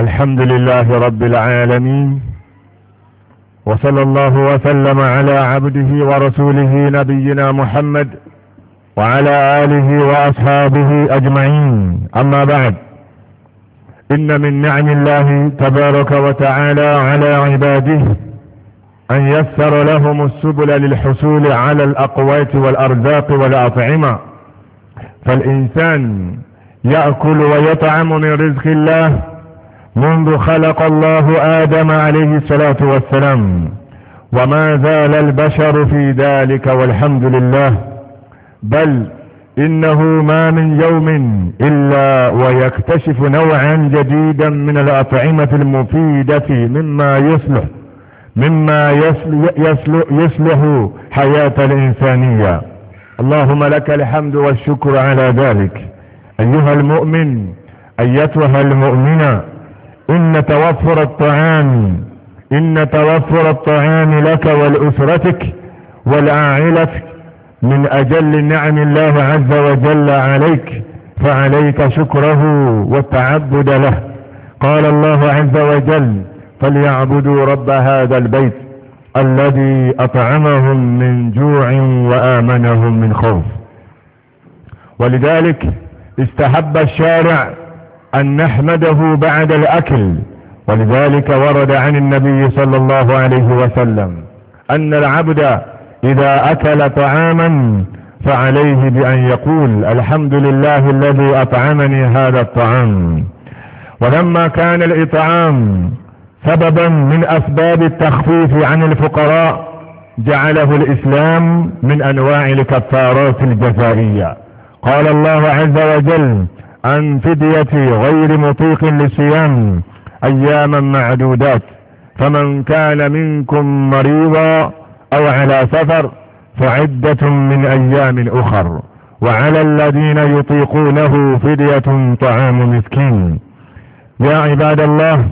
الحمد لله رب العالمين وصلى الله وسلم على عبده ورسوله نبينا محمد وعلى آله وأصحابه أجمعين أما بعد إن من نعم الله تبارك وتعالى على عباده أن يسر لهم السبل للحصول على الأقوات والأرزاق والأطعمة فالإنسان يأكل ويطعم من رزق الله منذ خلق الله آدم عليه الصلاة والسلام وما زال البشر في ذلك والحمد لله بل إنه ما من يوم إلا ويكتشف نوعا جديدا من الأطعمة المفيدة مما يصلح مما يصلح, يصلح حياة الإنسانية اللهم لك الحمد والشكر على ذلك أيها المؤمن أيتها المؤمنة إن توفر الطعام إن توفر الطعام لك ولأسرتك والأعيلتك من أجل نعم الله عز وجل عليك فعليك شكره والتعبد له قال الله عز وجل فليعبدوا رب هذا البيت الذي أطعمهم من جوع وآمنهم من خوف ولذلك استحب الشارع أن نحمده بعد الأكل ولذلك ورد عن النبي صلى الله عليه وسلم أن العبد إذا أكل طعاما فعليه بأن يقول الحمد لله الذي أطعمني هذا الطعام ولما كان الإطعام سببا من أسباب التخفيف عن الفقراء جعله الإسلام من أنواع الكفارات الجزائية قال الله عز وجل عن فدية غير مطيق للصيام أياما معدودات فمن كان منكم مريضا أو على سفر فعدة من أيام أخر وعلى الذين يطيقونه فدية طعام مسكين يا عباد الله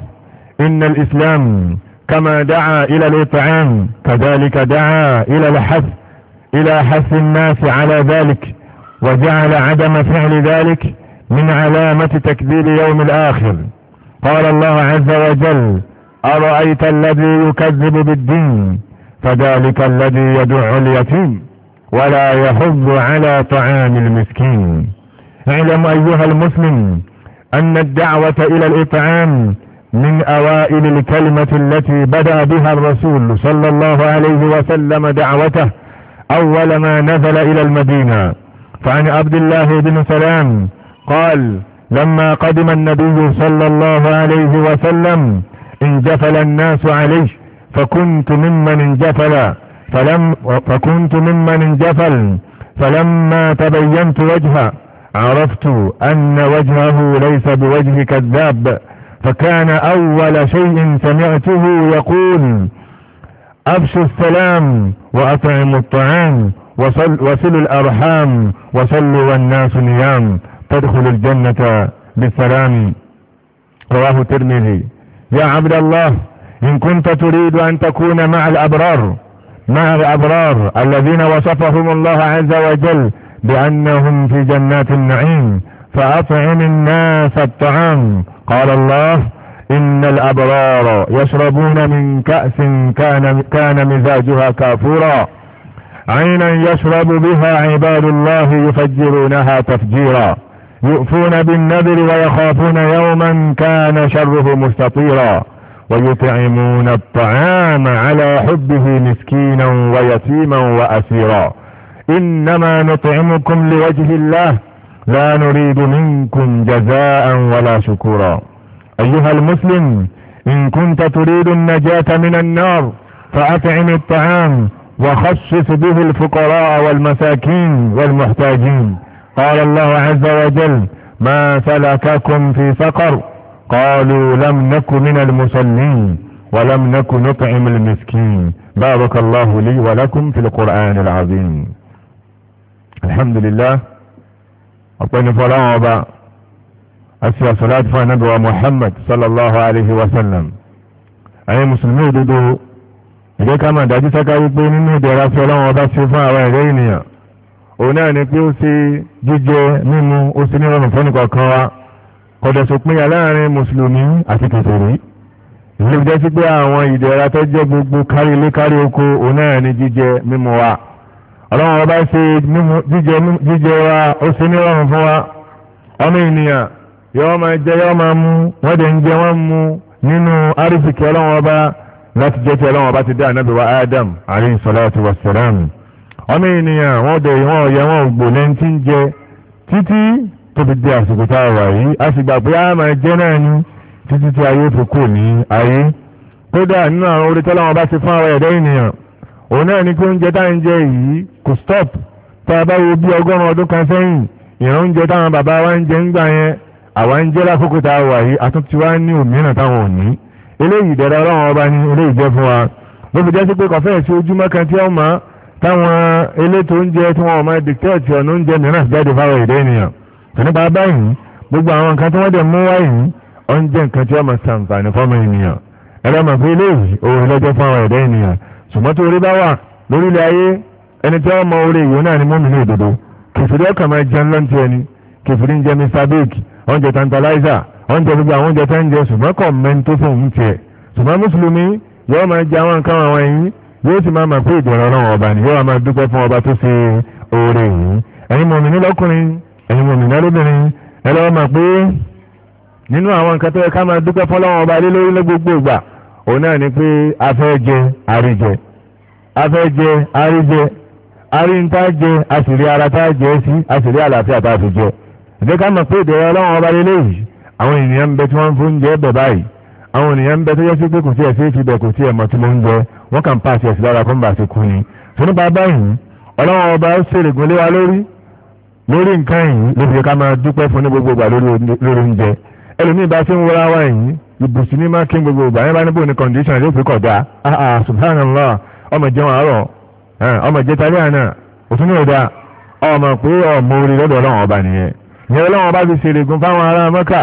إن الإسلام كما دعا إلى الإطعام كذلك دعا إلى الحث إلى حث الناس على ذلك وجعل عدم فعل ذلك من علامة تكذيب يوم الآخر قال الله عز وجل أرأيت الذي يكذب بالدين فذلك الذي يدع اليتيم ولا يحض على طعام المسكين اعلم أيها المسلم أن الدعوة إلى الإطعام من أوائل الكلمة التي بدأ بها الرسول صلى الله عليه وسلم دعوته أول ما نزل إلى المدينة فعن عبد الله بن سلام قال لما قدم النبي صلى الله عليه وسلم انجفل الناس عليه فكنت ممن انجفل فلم فكنت ممن انجفل فلما تبينت وجهه عرفت ان وجهه ليس بوجه كذاب فكان اول شيء سمعته يقول ابشوا السلام واطعموا الطعام وصل وصلوا الارحام وصلوا والناس نيام تدخل الجنة بسلام رواه الترمذي يا عبد الله إن كنت تريد أن تكون مع الأبرار مع الأبرار الذين وصفهم الله عز وجل بأنهم في جنات النعيم فأطعم الناس الطعام قال الله إن الأبرار يشربون من كأس كان, كان مزاجها كافورا عينا يشرب بها عباد الله يفجرونها تفجيرا يؤفون بالنذر ويخافون يوما كان شره مستطيرا ويطعمون الطعام على حبه مسكينا ويتيما وأسيرا إنما نطعمكم لوجه الله لا نريد منكم جزاء ولا شكورا أيها المسلم إن كنت تريد النجاة من النار فأطعم الطعام وخصص به الفقراء والمساكين والمحتاجين قال الله عز وجل ما سلككم في سقر قالوا لم نك من المصلين ولم نك نطعم المسكين بارك الله لي ولكم في القرآن العظيم الحمد لله أطلنا فلا وضع أسوى صلاة فنبوى محمد صلى الله عليه وسلم أي مسلمين دودو إذا كما دادي سكا يقول إنه دراسة لهم وضع سفا òun náà ni pé ó ṣe jíjẹ mímu ó ṣe nírọ̀rùn fún ẹnìkọ̀ọ̀kan wa kọ̀dọ̀ sópinya láàrin mùsùlùmí àti kèfèrí ìlú jẹ́ sí pé àwọn ìdẹ̀ra gbogbo kárí ilé kárí oko òun náà ni jíjẹ mímu wa ọlọ́run ọba ṣe jíjẹ wa ó ṣe nírọ̀rùn fún wa ọmọ ènìyàn máa jẹ máa mu wọ́n dẹ̀ ń jẹ mu nínú arísìkì ọlọ́run ọba láti jẹ́ ti ọba ti dá ọmọ ènìyàn wọn dẹ̀ wọn ọ̀yẹ́ wọn ògbò lẹ́ni tí ń jẹ títí tó fi di àsìkò tá a wà yìí a sì gbà pé a máa jẹ́ náà ni títí tí ayé fi kò ní ayé kódà nínú àwọn orí tọ́lá wọn bá ti fún àwọn ẹ̀dá ènìyàn òun náà ni pé oúnjẹ tá à ń jẹ yìí kò stop tá a bá wo bí ọgọ́rùn-ún ọdún kan sẹ́yìn ìran oúnjẹ táwọn bàbá wa ń jẹ ń gbà yẹn àwa ń jẹ lákòókò tá a wà yìí àtúntí wa ní òmíràn táwọn ò ní eléyìí dẹ̀rẹ̀ ọlọ́run ọba ni eléyìí jẹ́ fún wa ló fi jẹ́ sí pé kọ̀fẹ́ sí ojúmọ́ kan tí ó máa táwọn elétò oúnjẹ tí wọn ò máa dìkẹ́ẹ̀tì ọ̀nà oúnjẹ mìíràn jáde fáwọn èdè ènìyàn tó nípa báyìí gbogbo àwọn nǹkan tí wọ́n dẹ̀ mú wáyìí oúnjẹ nǹkan tí wọ́n máa ṣàǹfààní fọ́mọ ènìyàn ẹ̀rọ màá fi léèwì òun lọ́jọ́ fáwọn èdè ènìyàn ṣùgbọ́n tó rí bá wà lórílẹ̀ ayé ẹni tí wọ́n mọ orí ìwé náà ni mọ́mí ní òdodo kìfìrí ọkàn máa jẹun lọ́ntì ẹni kìfìrí ń jẹ Mr tantalizer oúnjẹ gbogbo àwọn oúnjẹ tó ń jẹ ṣùgbọ́n kọ̀ mẹ́ni tó fún òun tiẹ̀ ṣùgbọ́n yóò ti máa mà pé ìgbọ̀nà ọlọ́run ọba ni yóò máa dúpẹ́ fún ọba tó ṣe oore yìí ẹ̀yin mọ̀mìnì lọ́kùnrin ẹ̀yin mọ̀mìnì lóbìnrin ẹ lọ́wọ́ mà pé nínú àwọn nǹkan tó yẹ ká máa dúpẹ́ fún ọlọ́run ọba lé lórí lé gbogbo ìgbà òun náà ni pé a fẹ́ jẹ àríjẹ a fẹ́ jẹ àríjẹ àrí jẹ a ara tá jẹ sí a àlàáfíà tá a fi jẹ ìdí ká mọ̀ pé ìdẹ̀rẹ̀ ọlọ́run ọba lé àwọn ènìyàn ń bẹ tí wọ́n fún wọ́n kàn pàṣẹ ẹ̀sìn lára fún bàṣẹ kú ni tó nípa báyìí ọlọ́run ọba ó ṣe ìrègùn lé wa lórí lórí nǹkan yìí ló fi yẹ ká máa dúpẹ́ fún ní gbogbo ìgbà lórí oúnjẹ ẹlòmíì bá ṣe ń wọra wa yìí ibùsùn ní má kí n gbogbo ìgbà yẹn bá níbo ní condition yóò fi kọ̀ dá ah, ah subhanallah ọmọ jẹun àárọ̀ ọmọ jẹ tálẹ́ àná òtún ní ọ̀dà ọmọ pé ọmọ orí lọ́dọ̀ ọlọ́run ọba nìyẹn ìyẹn ọlọ́run ọba fi ṣe fáwọn ará mọ́kà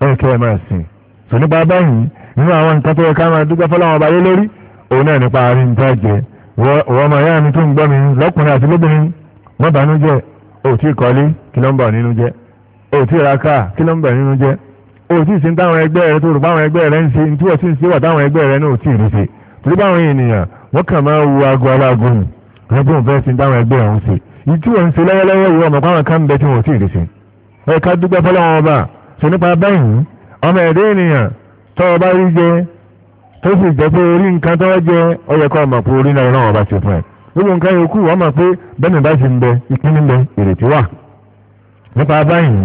ẹ kẹ́ ẹ máa sìn sọ nípa báyìí nínú àwọn nǹkan tó yẹ ká máa dúpẹ́ fọlọ́wọn ọba yé lórí òun náà nípa àárín nǹkan jẹ wọ́n máa yá mi tó ń gbọ́ mi lọ́kùnrin àti lóbìnrin wọ́n bànú jẹ́ òtí ìkọ́lé kí ló ń bọ̀ nínú jẹ́ òtí ìraká kí ló ń bọ̀ nínú jẹ́ òtí ìsìn táwọn ẹgbẹ́ rẹ tó rò báwọn ẹgbẹ́ rẹ ń ṣe ní tí òtí ìsìn wà táwọn ẹgbẹ́ rẹ náà ti rí ṣe torí báwọn ènìyàn wọ́n kàn máa wo aago aláago nù rẹ́gbọ́n fẹ́ sin táwọn ẹgbẹ́ ọ̀hún ṣe ìtú ẹ̀ ń ṣe lẹ́yẹ́lẹ́yẹ́ wo ọmọ pàwọn kan bẹ tí wọ́n ti rí ṣe ẹ̀ka dúpẹ́ fọlọ́wọn ọba tó nípa báyìí ọmọ ẹ̀dẹ́ ènìyàn tó ọba rí jẹ tó sì jẹ pé orí nǹkan tó jẹ ó yẹ kó ọmọ pé orí náà náà ọba ṣe fún ẹ gbogbo nǹkan yòókù wọ́n mọ̀ pé bẹ́ẹ̀ni bá ṣe ń bẹ ìpínlẹ̀ ń bẹ ìrètí wà nípa báyìí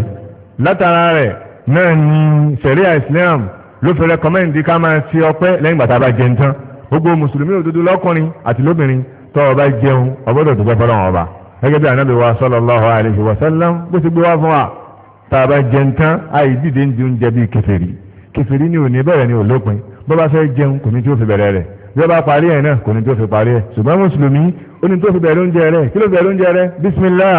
látara rẹ̀ náà ni sẹ̀ríà Islam ló fi rẹkọmẹ́ǹdì ká máa ṣe ọpẹ́ lẹ́yìn bàtà bá jẹun tán gbogbo mùsùlùmí òdodo lọ́kùnrin àti lóbìnrin tó ọba jẹun ọgbọ́dọ̀ tó fẹ́ fọ́lọ́wọ́n ọba gẹ́gẹ́ bí anábìwá sallallahu alaihi wasallam bó ti gbé wá fún wa tàbá jẹun tán àì dìde ń di oúnjẹ bíi kèfèrí kèfèrí ni ò ní bẹ̀rẹ̀ ni ò lópin bó bá fẹ́ jẹun kò ní tí ó fi bẹ̀rẹ̀ rẹ̀ bí ó bá parí ẹ̀ náà kò ní tí ó fi parí ẹ̀ ṣùgbọ́n mùsùlùmí ó ní tó fi bẹ̀rẹ̀ oúnjẹ rẹ̀ kí ló bẹ̀rẹ̀ oúnjẹ rẹ̀ bísímìlá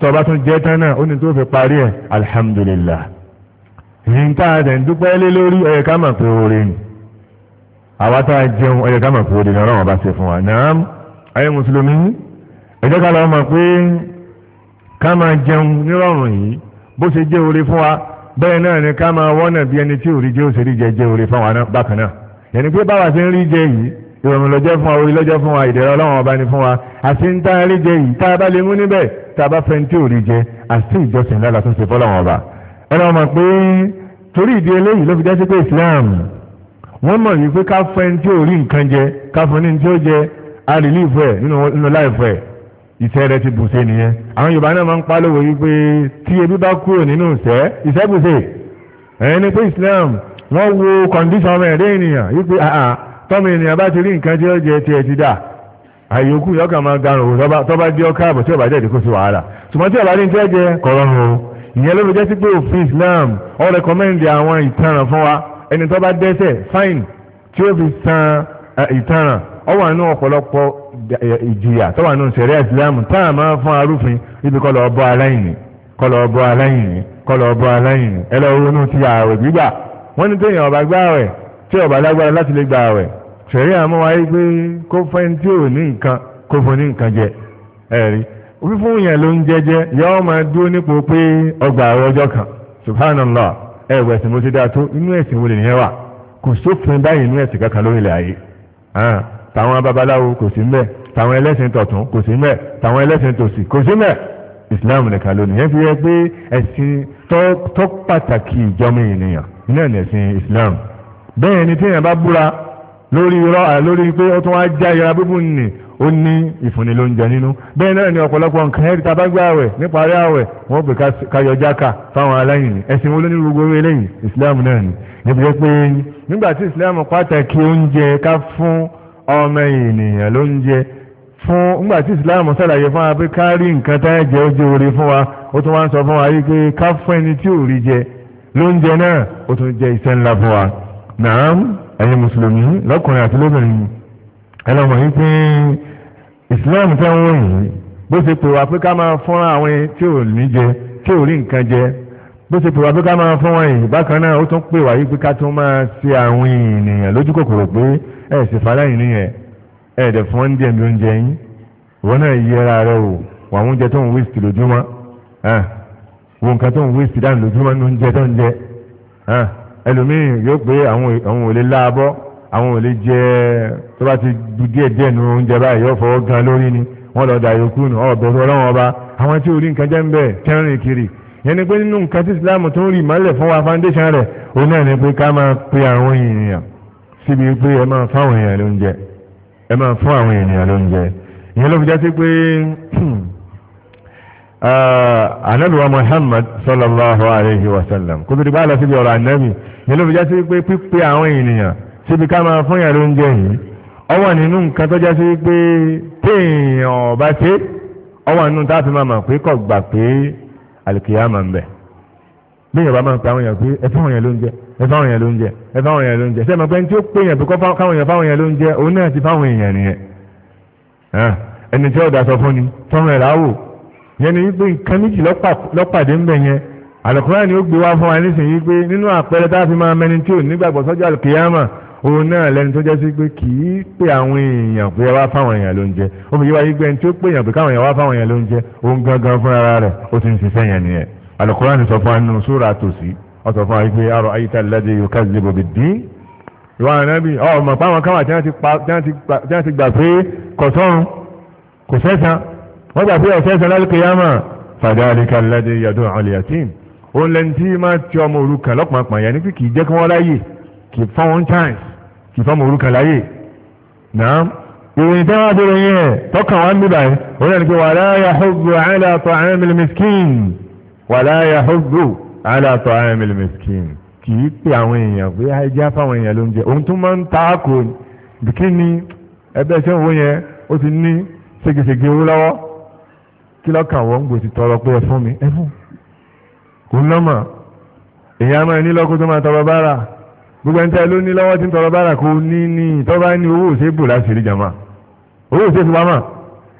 tó bá tún jẹ tán náà ó ní tó fi parí ẹ̀ alihamudulilah èyí tá a ń dúpẹ́ lé lórí ó ká mọ̀ pé oore ni àwa tá a jẹun ó ká bó ṣe jẹ́ oore fún wa bẹ́ẹ̀ náà ni ká máa wọ́nà bí ẹni tí òrí jẹ́ òṣèré jẹ́ jẹ́ oore fún wa náà bákan náà yẹnni pé báwa ṣe ń rí jẹ yìí ìrọ̀rùn lọ́jọ́ fún wa orí lọ́jọ́ fún wa ìdẹ̀rọ̀ ọlọ́run ọba ni fún wa àti ń tá a rí jẹ yìí tá a bá lè mú níbẹ̀ tá a bá fẹ́ tí òrí jẹ àti ìjọsìn lára tó ṣe fọ́lọ́run ọba ọlọ́run mọ̀ pé torí ìdí eléyìí ló fi jẹ́ sí pé Islam wọ́n mọ̀ wípé ká fẹ́ tí òrí nǹkan jẹ ká fún ní tí ó jẹ a rìlífù ẹ̀ nínú láìfù ẹ̀ ìṣẹ́ rẹ ti bùṣe nìyẹn àwọn yorùbá náà máa ń pálówó yìí pé tí ebi bá kúrò nínú ìṣẹ́ ìṣẹ́ bùṣe ẹ̀yìn ni pé islam wọ́n wo kọ̀ǹdíṣàn ọmọ ẹ̀dẹ́ ènìyàn yìí pé àà tọ́mọ ènìyàn bá ti rí nǹkan tí ó jẹ tiẹ̀ ti dà àyòkù yọkàn máa garùn òwò tọ́ba dé ọkọ àbọ̀ tí ọba jẹ́ ìdíkó sí wàhálà ṣùgbọ́n tí ọba ní islam ó rẹkọmẹ́ndì àwọn ìtanràn fún wa ẹni tó bá dẹ́sẹ̀ fáìn tí ó fi san ìjìyà tó wà nínú sẹ̀rẹ́ ìsìlámù tá a máa fún arúfin ibi kọ́ lọ bọ́ aláìní kọ́ lọ bọ́ aláìní kọ́ lọ bọ́ aláìní ẹ lọ ronú ti ààwẹ̀ gbígbà wọ́n ní téèyàn ọba gbá ààwẹ̀ tí ọba lágbára láti lè gba ààwẹ̀ sẹ̀rẹ́ àmúwáyé pé kó fẹ́ni tí ò ní nǹkan kó fún ní nǹkan jẹ ẹ̀rí fífún yẹn ló ń jẹjẹ yọọ máa dúró nípò pé ọgbà ọjọ́ kan subhanallah ẹ̀wẹ̀ ẹ̀sìn mo ti dáa tó inú ẹ̀sìn wo lè yẹn wà kò sófin báyìí inú ẹ̀sìn kankan lórí ilẹ̀ ayé táwọn babaláwo kò sí mbẹ̀ tàwọn ẹlẹ́sìn tọ̀tún kò sí mẹ́ tàwọn ẹlẹ́sìn tòsì kò sí mẹ́ islam nìkan lónìí yẹn fi yẹ pé ẹ̀sìn tó pàtàkì ìjọmọ ènìyàn náà ẹ̀sìn islam bẹ́ẹ̀ ni téèyàn bá búra lórí irọ́ lórí pé ó tún wá já ìra bíbù nì ó ní ìfúnni ló ń jẹ nínú bẹ́ẹ̀ náà ni ọ̀pọ̀lọpọ̀ nǹkan ẹ̀rí tá a bá gbé àwẹ̀ níparí àwẹ̀ wọ́n pè káyọ jáka fáwọn aláìní ẹ̀sìn wo ló ní gbogbo eléyìí islam náà ni níbi jẹ́ pé nígbà tí islam pàtàkì oúnjẹ ká fún ọmọ ènìyàn lóúnjẹ fún ngbàtí ìsìláàmù sàlàyé fún wa pé ká rí nǹkan tá ẹ jẹ ó jẹ oore fún wa ó tún wá ń sọ fún wa yí pé ká fún ẹni tí ò rí jẹ lóúnjẹ náà ó tún jẹ iṣẹ́ ńlá fún wa naam ẹ̀yin mùsùlùmí lọ́kùnrin àti lóbìnrin ẹ lọ mọ̀ yí pé ìsìláàmù tẹ́ ń wò yìí bó ṣe pè wá pé ká máa fúnra àwọn tí ò ní jẹ tí ò rí nǹkan jẹ bó ṣe pè wá pé ká máa fún wọn yìí bákan náà ó tún pè wá yí pé ká tún máa ṣe àwọn ènìyàn lójú kòkòrò pé ẹ̀ ṣèfàlẹ́yìn nìyẹn ẹ̀ẹ́dẹ̀ fún wọn díẹ̀ ní oúnjẹ yín wọn náà yẹra rẹ o wà wọn oúnjẹ tó ń wíṣítì lójúmọ́ wọn nǹkan tó ń wíṣítì dànù lójúmọ́ ní oúnjẹ tó ń jẹ ẹlòmíì yóò pé àwọn ò lè láàbọ̀ àwọn ò lè jẹ tó bá ti du díẹ̀ díẹ̀ nu oúnjẹ báyìí yóò fọwọ́ gan lórí ni wọ́n lọ dà yòókù nù ọ̀bẹ̀ tó ọlọ́wọ́n ọba àwọn tí orí nǹkan jẹ́ ń bẹ̀ kẹrin kiri yẹn ni pé nínú nǹkan tí Islam tó ń rí ìmọ̀lẹ̀ fún wa foundation rẹ̀ òun náà ni pé ká máa pe àwọn èèyàn síbi pé ẹ máa fáwọn èèyàn lóúnjẹ ẹ máa fún àwọn ènìyàn lóúnjẹ ìyẹn ló fi jásí pé anabiwa ah, Muhammad sallallahu alayhi wa sallam kó tó di bá lọ síbi ọ̀rọ̀ anabi ìyẹn ló fi jásí pé pípé àwọn ènìyàn síbi ká máa fún yàn lóúnjẹ yìí ó nínú nǹkan tó jásí pé téèyàn ọba ṣe ó nínú táàfin máa mọ̀ pé kò gbà pé àlùkìyà máa ń bẹ bẹ́ẹ̀ bá máa ń pa àwọn èèyàn pé ẹ fáwọn èèyàn ló ń jẹ ẹ fáwọn èèyàn ló ń jẹ ẹ fáwọn èèyàn ló ń jẹ sẹ́mi pé tí ó pé èèyàn pé kọ́ fáwọn èèyàn fáwọn èèyàn ló ń jẹ òun náà ti fáwọn èèyàn nìyẹn ẹni tí ọ̀dà sọ fún ni tọ́mọ ẹ̀rá wò yẹn ni wípé nǹkan méjì lọ́pàdé ń bẹ̀ yẹn àlùkùránì ni ó gbé wá fún wa nísìnyí pé nínú àpẹẹrẹ tá a fi máa mẹni tí ò nígbàgbọ́ sọ́jà àlùkìyàmà òun náà lẹni tó jẹ́ sí pé kì í pé àwọn èèyàn pé wá fáwọn èèyàn ló ń jẹ ó fi yé wa yí pé ẹni tí ó pé èèyàn pé káwọn èèyàn wá fáwọn èèyàn ló ń jẹ òun gangan fúnra rẹ̀ ó ti ń ṣiṣẹ́ yẹn nìyẹn alukurani sọ fún anú súra tòsí ọ sọ fún wa pé arọ ayíta lẹ́dẹ̀ yóò ká zebo bi dín ìwọ ànábì ọ mọ̀ páwọn káwà tí wọ́n ti gbà pé kọ̀sọ́run kò sẹ́sàn wọ́n gbà pé ọ̀sẹ́sàn lálùkìyàmà fàdáríkà lẹ́dẹ̀ yàtọ̀ ọ̀lẹ́yàtìm ó lẹ́ni tí máa ti ọmọ òrukàn lọ́pàápàá yẹn ní kí kìí jẹ́ kí wọ́n láyè kì í fọ́n chance kì í fọ́n òrukàn láyè náà ìròyìn tí wọ́n bèrè yẹn tọ́kàn wá ń bíbà yẹn ó lẹ́ni pé wàrà yà wàlá yahuddu ala ta'amil miskin kì í pè àwọn èèyàn pé ajá fáwọn èèyàn ló ń jẹ ohun tó máa ń ta kò bìkí ni ẹbẹ ṣé òun yẹn ó ti ní ségesège owó lọ́wọ́ kí lọ́kàn wọ́n ń gbòòsì tọrọ pé ẹ fún mi ẹ fún òun lọ́mọ èèyàn máa ní lọ́kọ́ tó máa tọrọ bára gbogbo ẹni tẹ́ ló ní lọ́wọ́ tí ń tọrọ bára kò ní ní tọ́ ní owó òṣèbò láti rí jàmá owó òṣèbò pamọ́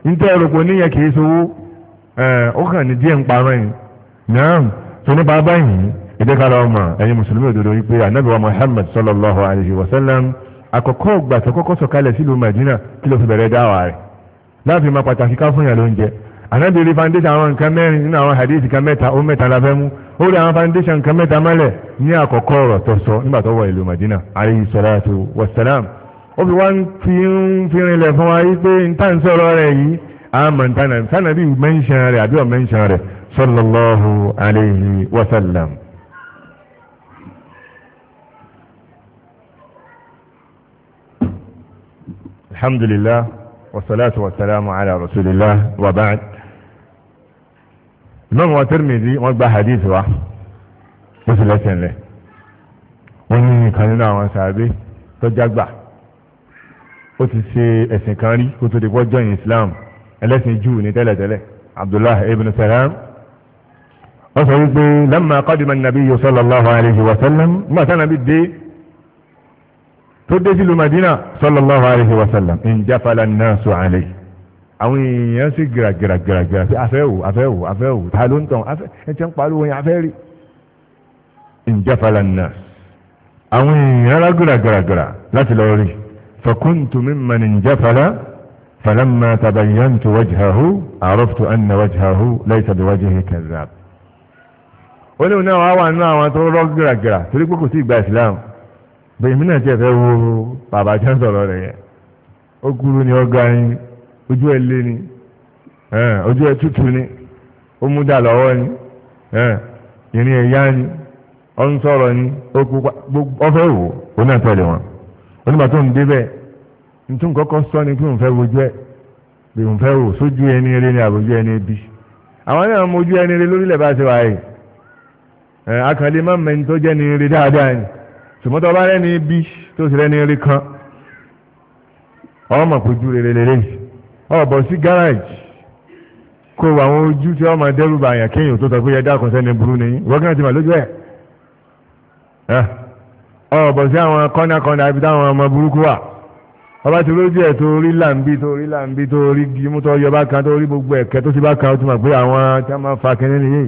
ń tẹ́ ẹ̀rọ kò níyẹn kì í sowó ó kàn ní díẹ̀ ń parọ́ yìí náà tó nípa báyìí ìdẹ́ka lọ mọ̀ ẹ̀yin mùsùlùmí òdodo wípé ànábì wa Muhammad sallallahu alaihi wa sallam àkọ́kọ́ ìgbà tó kọ́kọ́ sọ̀kalẹ̀ sílùú Madina kí ló fi bẹ̀rẹ̀ dáwà rẹ̀ láàfin ma pàtàkì ká fún yàn lóúnjẹ ànábì rí foundation àwọn nǹkan mẹ́rin nínú àwọn hadith kan mẹ́ta ó mẹ́ta la fẹ́ mú ó rí àwọn foundation nǹkan mẹ́ta mọ́lẹ̀ ní àkọ́kọ́ ọ̀rọ̀ tó sọ nígbà tó wọ ìlú Madina alayhi salatu wa salam ó fi wọ́n fi ń fi rinlẹ̀ fún wa yí pé a rẹ̀ yìí àmọ̀ ntànà ntànà bí mẹ́ńṣẹ̀ rẹ̀ àbí ọ̀ mẹ́ńṣẹ̀ rẹ̀ sallallahu alayhi wa sallam. alhamdulillah wasalaatu wasalaamu ala rasulillah wa ba'd. imam wa tirmidhi wọ́n gba hadith wa ó sì lẹ́sẹ̀ lẹ́ wọ́n ní nìkan nínú àwọn sàábé tó jágbà ó ti ṣe ẹ̀sìn kan rí kó tó di pọ́jọ́ islam ẹlẹ́sìn júù ní tẹ́lẹ̀tẹ́lẹ̀ abdullahi ibn salam وسيدي لما قدم النبي صلى الله عليه وسلم ما كان بدي تدجي المدينة صلى الله عليه وسلم إن جفل الناس عليه أو ينسي جرا جرا جرا جرا في أفاو أفاو أفاو تحلون تون أفا أنت قالوا يا أفاري إن جفل الناس أو ينرى جرا جرا جرا لا تلوري فكنت ممن انجفل فلما تبينت وجهه عرفت أن وجهه ليس بوجه كذاب olóhùn náà wá wà nínú àwọn tó rọ́ gíragíra torí pé kò sí ìgbà ìsìlámù bẹ́ẹ̀ mi náà tiẹ̀ fẹ́ wo bàbá tí wọ́n sọ̀rọ̀ rẹ̀ yẹn ó kúrú ni ó ga ni ojú ẹ̀ lé ni ojú ẹ̀ tútù ni ó mú dà lọ́wọ́ ni ìrìn ẹ̀ ni ó ń sọ̀rọ̀ ni ó kú ọfẹ́ wò ó náà tẹ̀lé wọn onígbà tó ń débẹ̀ ntún kọ́kọ́ sọ ni pé òun fẹ́ wojú ẹ̀ bí òun fẹ́ wò sójú ẹni eré ni àbójú ẹni bí àwọn náà mojú ẹni eré lórílẹ̀ bá ṣe wáyé akànlé má mẹ́ni tó jẹ́ ní rí dáadáa ni tòmọ́tò ọba rẹ́ni bí tó sì rẹ́ni rí kan ọmọ kojú rere lélẹ́ ọ̀bọ̀ sí gáràjì kó àwọn ojú tí ọmọ dẹ́rù bá àyàn kéèyàn tó sọ pé ẹ dákun sẹ́ni burú ni wọ́gán ti mà lójú ẹ̀ ọ̀bọ̀ sí àwọn kọ́nàkọ́nà àbí táwọn ọmọ burúkú wà ọba ti lójú ẹ̀ tó rí làǹbí tó rí làǹbí tó rí gímú tó yọ bá kan tó rí gbogbo ẹ̀kẹ́ tó sì bá kan ó ti mọ̀ pé àwọn tí wọ́n máa fa kínní nìyí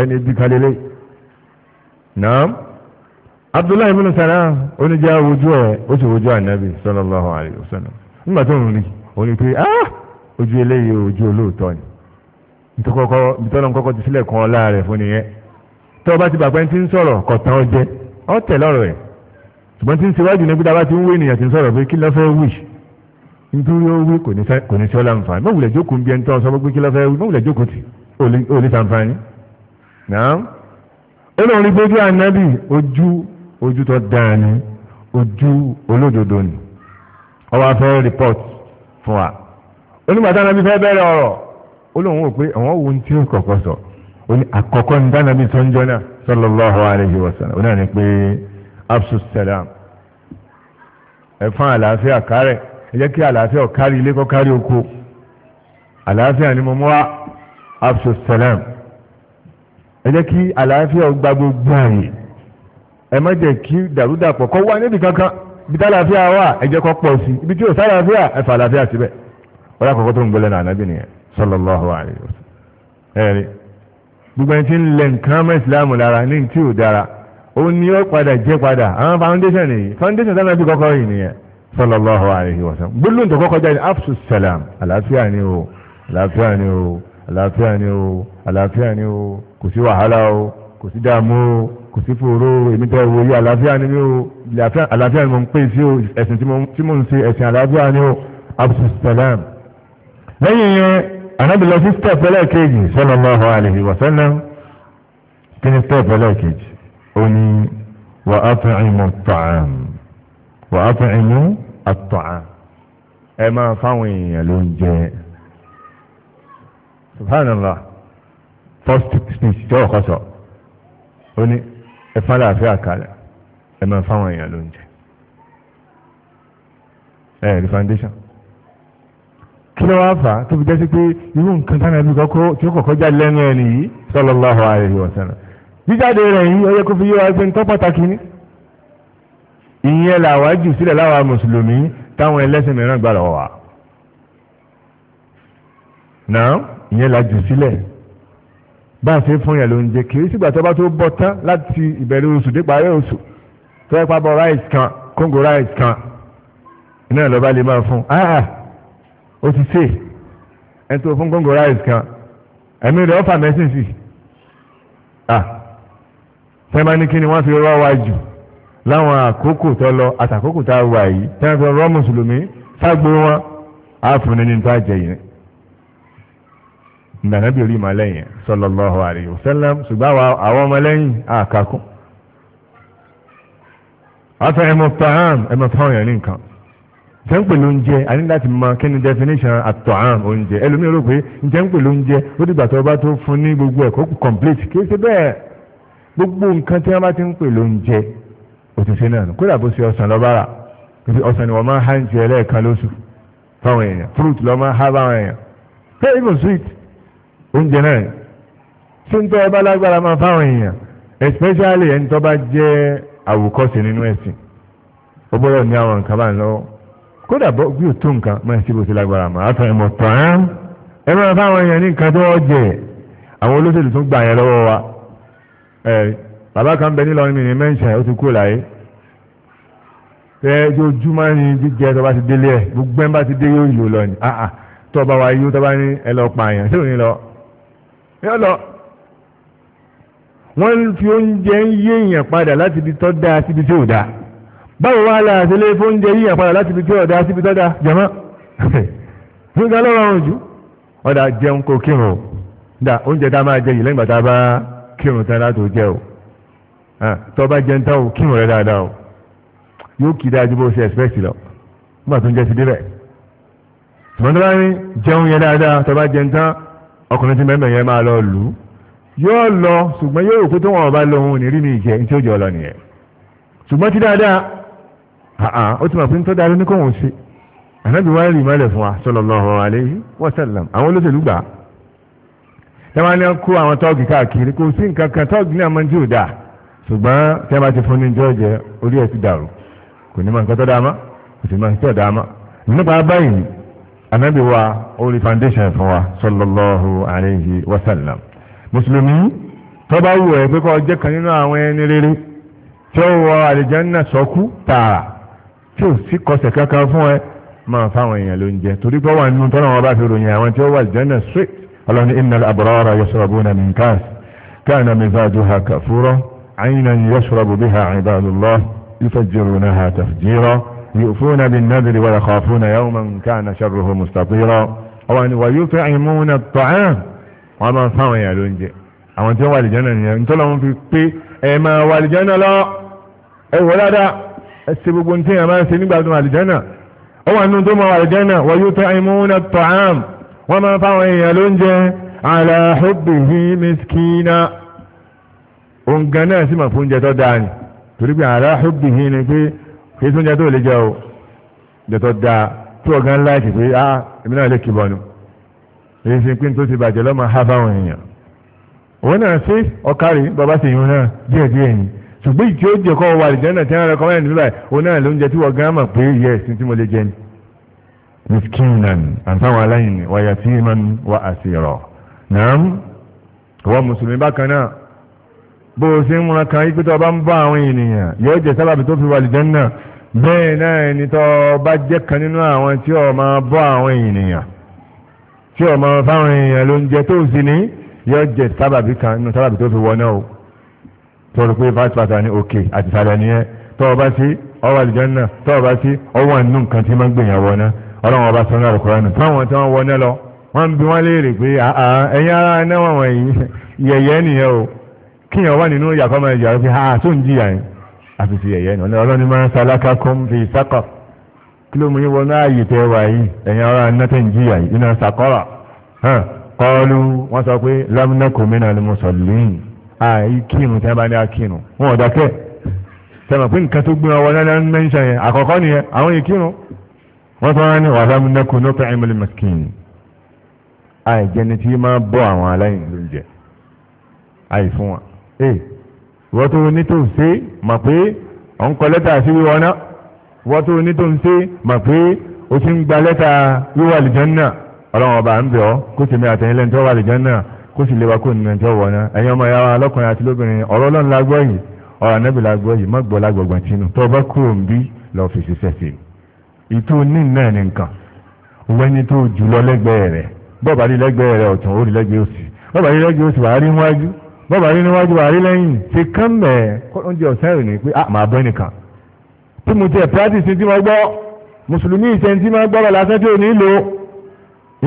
ẹni bí kalẹ́lẹ́yìí naam abdullahi ibn Salam oníjẹ́ ojú ẹ̀ ó sì ojú ànábì sallallahu alayhi wa sallam nígbà tó ń rí ó ní pé ah ojú eléyìí ojú olóòótọ́ ni nítorí kọ́kọ́ ti sílẹ̀ kan ọlá rẹ̀ fún nìyẹn tó o bá ti bàgbẹ́ ti ń sọ̀rọ̀ kọ̀tàn ọjẹ́ ọ tẹ̀ lọ́rọ̀ ẹ̀ ṣùgbọ́n ti ń ṣèwádìí ní gbígbà bá ti ń wé ènìyàn ti ń sọ̀rọ̀ pé kí ló fẹ́ wí nítorí ó wí kò ní sí ọlá nǹfààní mọ̀wùlẹ̀ jókòó ń bí ẹni tó ń sọ pé kí ló fẹ́ wí mọ̀wùlẹ̀ jókòó tì ó lè sàǹfààní náà ó lóun rí gbójú ànábì ojú ojú tó dáa ni ojú olódodo ni ó wá fẹ́ report fún wa onígbà tánábì fẹ́ bẹ̀rẹ̀ ọ̀rọ̀ ó lóun wò pé àwọn ohun tí ó kọ́kọ́ sọ ó ní àkọ́kọ́ ní tánábì tó ń jọ náà sallallahu alaihi wasallam ó náà ní pé absus salam ẹ fún àlàáfíà kárẹ̀ ẹ jẹ́ kí àlàáfíà ó kárí ilé kó kárí oko àlàáfíà ni mo mú wa absus salam ẹ jẹ́ kí àlàáfíà ó gba gbogbo àyè ẹ má jẹ́ kí dàrúdàpọ̀ kọ́ wá níbi kankan ibi tí àlàáfíà wà ẹ jẹ́ kó pọ̀ sí ibi tí ò sálàáfíà ẹ fà àlàáfíà síbẹ̀ ọlá kọ̀ọ̀kọ́ tó ń gbọ́lẹ̀ náà nábì nìyẹn sallallahu alaihi wasallam ẹ̀rí gbogbo ẹni tí ń lẹ nǹkan mọ́ ìsìláàmù lára ní tí ò dára ó ní ó padà jẹ́ padà àwọn foundation nìyí foundation tánà bí kọ́kọ́ àlàáfíà ni o àlàáfíà ni o àlàáfíà ni o kò sí wàhálà o kò sí dààmú o kò sí fòró èmi tẹ́ wo yí àlàáfíà ni mi o àlàáfíà ni mo ń pè sí o ẹ̀sìn tí mo ń ṣe ẹ̀sìn àlàáfíà ni o abdulsalam lẹ́yìn yẹn anabi sí step ẹlẹ́ẹ̀kejì sallallahu alaihi wa sallam kí ni step ẹlẹ́ẹ̀kejì ó ní wà á fẹ́ ìmọ̀ tọ̀àm wà á fẹ́ ìmọ̀ àtọ̀àm ẹ máa fáwọn èèyàn ló ń jẹ subhanallah first speech tí ọkọ sọ ó ní ẹ fàlàáfíà kalẹ̀ ẹ máa fáwọn èèyàn lóúnjẹ ẹ rí foundation kí ló wáá fà á tó fi jẹ́ sí pé irú nǹkan tánà ẹbí kọ́kọ́ tí ó kọ́kọ́ jáde lẹ́nu ẹ̀ nìyí sallallahu alaihi wasallam jíjáde rẹ̀ yìí ó yẹ kó fi yé wa nǹkan pàtàkì ni ìyẹn làwa jù sílẹ̀ láwa mùsùlùmí táwọn ẹlẹ́sìn mìíràn gbà lọ́wọ́ wa náà ìyẹn là sílẹ̀ bá a ṣe fún yẹn ló ń jẹ kì í sígbà tó bá tó bọ́ tán láti ìbẹ̀rẹ̀ oṣù dípa ayé oṣù tó yẹ pábọ̀ rice kan kóńgò rice kan iná ìlọ́ba lè máa fún ah, ah ó ti ṣe ẹ tó fún kóńgò rice kan ẹ̀mí rẹ̀ ọ́fà mẹ́sìn sí ah sẹ́mbà ní kí wọ́n fi rọ́ wa jù láwọn àkókò tó lọ àtàkókò tá a wà yìí tẹ́lẹ̀ fi rọ́ mùsùlùmí ságbo wọn á fún ní ní tó àjẹyìn nànàbí orí ìmọ̀lẹ́yìn sallallahu alaihi wasallam ṣùgbọ́n àwọn ọmọlẹ́yìn àkàkùn afẹ́ ẹmọ tọ́hán ẹmọ tọ́hán yẹn ní nǹkan jẹ́ ń oúnjẹ a láti mọ kí ni definition àtọ̀hán oúnjẹ ẹlòmíì rò pé jẹ́ ń pèlú oúnjẹ ó dìgbà tó bá tó fún ní gbogbo ẹ̀kọ́ complete kì í ṣe bẹ́ẹ̀ gbogbo nǹkan tí wọ́n bá ti ń pèlú oúnjẹ òtúnṣe náà nù kódà bó ṣe ọ̀sán lọ́ba rà ọ̀sán ni wọ́n máa ń há ń jẹ ẹlẹ́ẹ̀kan lóṣù fáwọn èèyàn fruit lọ́ máa ń há báwọn èèyàn pé even sweet oúnjẹ náà tí ń tọ́ ẹ lágbára máa fáwọn èèyàn especially ẹni tó bá jẹ́ àwòkọ́ṣe nínú ẹ̀sìn ó gbọ́dọ̀ ní àwọn nǹkan bá ń lọ́wọ́ kódà bọ́ bí ò tó nǹkan máa ṣe bó ṣe lágbára máa àtọ̀ ẹ̀mọ̀ tán ẹ máa fáwọn èèyàn ní nǹkan tó jẹ àwọn olóṣèlú tún gbà yẹn lọ́wọ́ wa ẹ bàbá kan bẹ nílọrin mi ní mẹ́ńṣà ó ti kú láyé ẹ ojoojúmọ́ ni jíjẹ tó bá ti délé ẹ gbogbo ẹ bá ti dé yóò yò lọ ni tó bá wa yó tó bá ní ẹ lọ pààyàn ṣé ò ní lọ yóò lọ wọ́n fi oúnjẹ ń yé èèyàn padà láti ibi tó dáa síbi tí ò dáa báwo wá la àtẹlẹ fóúnjẹ yíyàn padà láti ibi tí ò dáa síbi tó dáa jẹ̀mọ́ fún ga lọ́rọ̀ ọ̀run jù ọ̀dà jẹun kò kírun o dà oúnjẹ tá a máa jẹ yìí lẹ́yìn bàtà bá kírun tán láti jẹ o tó bá jẹun tán o kírun rẹ dáadáa o yóò kí dáa ju bó ṣe expect lọ nígbà tó ń jẹ ti débẹ̀ tùmọ̀tò bá jẹun tán ọkùnrin tí mẹ́mẹ́ yẹn máa lọ lù ú yóò lọ ṣùgbọ́n yóò kú tó wọn ọba lóhun ní rí mi ìjẹ ní tí ó jẹ ọlọ nìyẹn ṣùgbọ́n ti dáadáa àà ó ti mọ̀ pé ń tọ́ dáadáa ní kóhun ṣe ànábì wá rí mọ́lẹ̀ fún wa sallallahu alaihi wa sallam àwọn olóṣèlú gbà tẹ́wọ́n ní kó àwọn tọ́ọ̀gì káàkiri kò sí nǹkan kan tọ́ọ̀gì ní àmọ́jú ò dáa ṣùgbọ́n tẹ́ ti fún ní anábì wa orí foundation fún wa sallallahu alayhi wa sallam mùsùlùmí tó bá wù ẹ́ pé kó jẹ́ kan nínú àwọn ẹni rere tí ó wọ àlìjánná sọ́kú tààrà tí ò sí kọsẹ̀ kankan fún ẹ máa fáwọn èèyàn ló ń jẹ torí pé wà nínú tọ́nà wọn bá fi ròyìn àwọn tí ó wà àlìjánná straight ọlọ́ni innal abrara yashrabuna min kas kana mizajuha kafura aynan yashrabu biha ibadullah yufajjirunaha tafjira يوفون بالنذر ويخافون يوما كان شره مستطيرا ويطعمون الطعام وما فاwọn yà ló ń jẹ àwọn tí wọ́n wà lè jẹ́nà nìyẹn nítorí wọn fi pé ẹ máa wà lè jẹ́nà lọ ẹ wò dáadáa ẹ ṣe gbogbo ní tí ẹ máa ṣe nígbà tó wà lè jẹ́nà ó wà nínú tó máa wà lè jẹ́nà ويطعمون الطعام wọ́n máa fáwọn yà ló ń jẹ على حبه مسكينا òǹgà náà sì máa fún oúnjẹ tó dáa ni torí pé على حبه ni pé kìí sóúnjẹ tó lè jẹ o jẹtọ da tí ọgán láìkì pé á èmi náà lè kìbọn nu èyí ṣe pé tó ti bàjẹ́ lọ́mọ ha báwọn èèyàn òun náà ṣe ọ̀kárí bàbá sì yún náà díẹ̀ díẹ̀ ni ṣùgbọ́n ìtí ó jẹ́ kọ́ wà lìjẹ́ náà tí wọ́n rẹ kọ́mọ́ ẹ̀dùn òun náà ló ń jẹ tí ọgán mọ̀ pé yẹ ẹ̀sìn tí mo lè jẹ ni. miskinan àtàwọn aláìní wa yatiman wa asira nàám wọ́n mùsùlùmí bákan bó o ṣe ń múra kan yí pé tó o bá ń bá àwọn ènìyàn yóò jẹ sábàbí tó fi wà lìjẹ́ náà bẹ́ẹ̀ náà ẹni tó bá jẹ́ kan nínú àwọn tí ó ma bọ́ àwọn ènìyàn tí ó máa fáwọn èèyàn ló ń jẹ tó sì ní yóò jẹ sábàbí kan nínú sábàbí tó fi wọná o tó rò pé pátápátá ní òkè àti sàlẹ̀ nìyẹn tó o bá sí ọwọ́ àlùjànnà tó o bá sí ọwọ́ àánú nǹkan tí máa ń gbìyàn wọná ọlọ́run ọba sọ náà rọ̀kọ̀rọ̀ nù fáwọn tí wọ́n wọná àfi ti ẹ̀yẹ́ nù ọlọ́ni máa ń salaka kún fi saqar kí ló mú yín wọnú ààyè tẹ́ wà yìí ẹ̀yìn ara nọ́tẹ̀ ń jìyà yìí iná saqara qalu wọ́n sọ pé lam naku minal musallin àì kírun tí wọ́n bá ní akírun wọn ò dákẹ́ tẹ̀mọ̀ pé nǹkan tó gbé wọn náà ń mẹ́ńṣà yẹn àkọ́kọ́ nìyẹn àwọn yìí kírun wọ́n sọ wọn ní wa lam naku nut'imul miskin àìjẹni tí máa bọ́ àwọn aláìní lóúnjẹ àì fún wọn wọ́n tó ní tó ń ṣe mọ̀ pé ọ̀ ń kọ lẹ́tà sí wíwọ́n náà wọ́n tó ní tó ń ṣe mọ̀ pé ó ti ń gba lẹ́tà wíwọ́ àlìjánná ọlọ́run ọba ń bẹ̀ ọ́ kó tèmi àtẹ̀yìn lẹ́ni tó wà àlìjánná kó sì léwa kó nìyẹn tó wọ̀ náà ẹ̀yin ọmọ yàrá lọ́kùnrin àti lóbìnrin ọ̀rọ̀ ọlọ́run la yìí ọ̀rọ̀ anábì la yìí má gbọ́ bọ́ọ̀bà rí níwájú wa rí lẹ́yìn ṣe kán mẹ́ oúnjẹ ọ̀sán ìrìn pé ah màá bọ́ ẹnìkan tí mo tiẹ̀ practice tí mo gbọ́ mùsùlùmí ìṣẹ́ tí mo gbọ́ lásán tí ò ní lò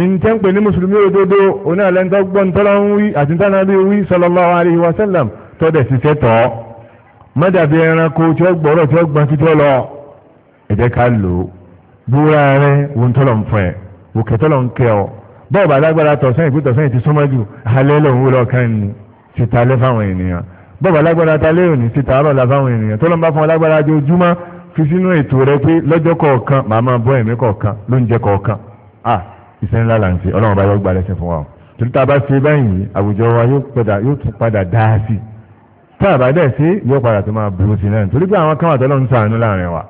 ìǹtẹ́ ń pè ní mùsùlùmí òdodo oní àlẹ́ńtọ́ gbọ́n tọ́lá ń wí àti tánà bí wí sallallahu alaihi wa sallam tọ́dẹ̀ ṣiṣẹ́ tọ́ mọ́dàbí ẹranko tí ó gbọ́rọ̀ tí ó gbọ́n títọ́ lọ ẹ jẹ́ ká lò ó búra rẹ wọn tọ́lọ̀ ń fún ẹ òkè tọ́lọ̀ ń kẹ́ ọ bọ́ọ̀bà lágbára tọ̀sán ìpítọ̀sán ìtì súnmọ́jú alẹ́ lòun wúlọ̀ kan ni títa alẹ́ fáwọn ènìyàn bọ́ọ̀bù alágbára ta lẹ́yìn ní títa àárọ̀ la fáwọn ènìyàn tó lọ́n bá fún alágbára ojoojúmọ́ fi sínú ètò rẹ pé lọ́jọ́ kọ̀ọ̀kan màá máa bọ́ ẹ̀mí kọ̀ọ̀kan lóúnjẹ kọ̀ọ̀kan ah iṣẹ́ ńlá là ń ṣe ọlọ́run bá yọ gba lẹ́sẹ̀ fún wa o torí tá a bá ṣe báyìí àwùjọ wa yóò tún padà dá sí i tá a bá dẹ̀ ṣe yóò padà tó máa burú sí náà torí pé àwọn kan wà tọ́lọ́ ń sàánú láàrin wa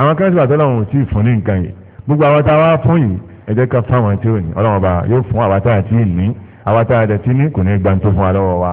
àwọn kan sì wà tọ́lọ́ ò tí ì fún ní nǹkan yìí gbogbo àwọn tá a wá fún yìí ẹ jẹ́ fáwọn tí ò ní ọlọ́run bá yóò fún àwa tá a ti ní àwa tá a dẹ̀ ti ní kò ní gbàǹtó fún wa lọ́wọ́ wa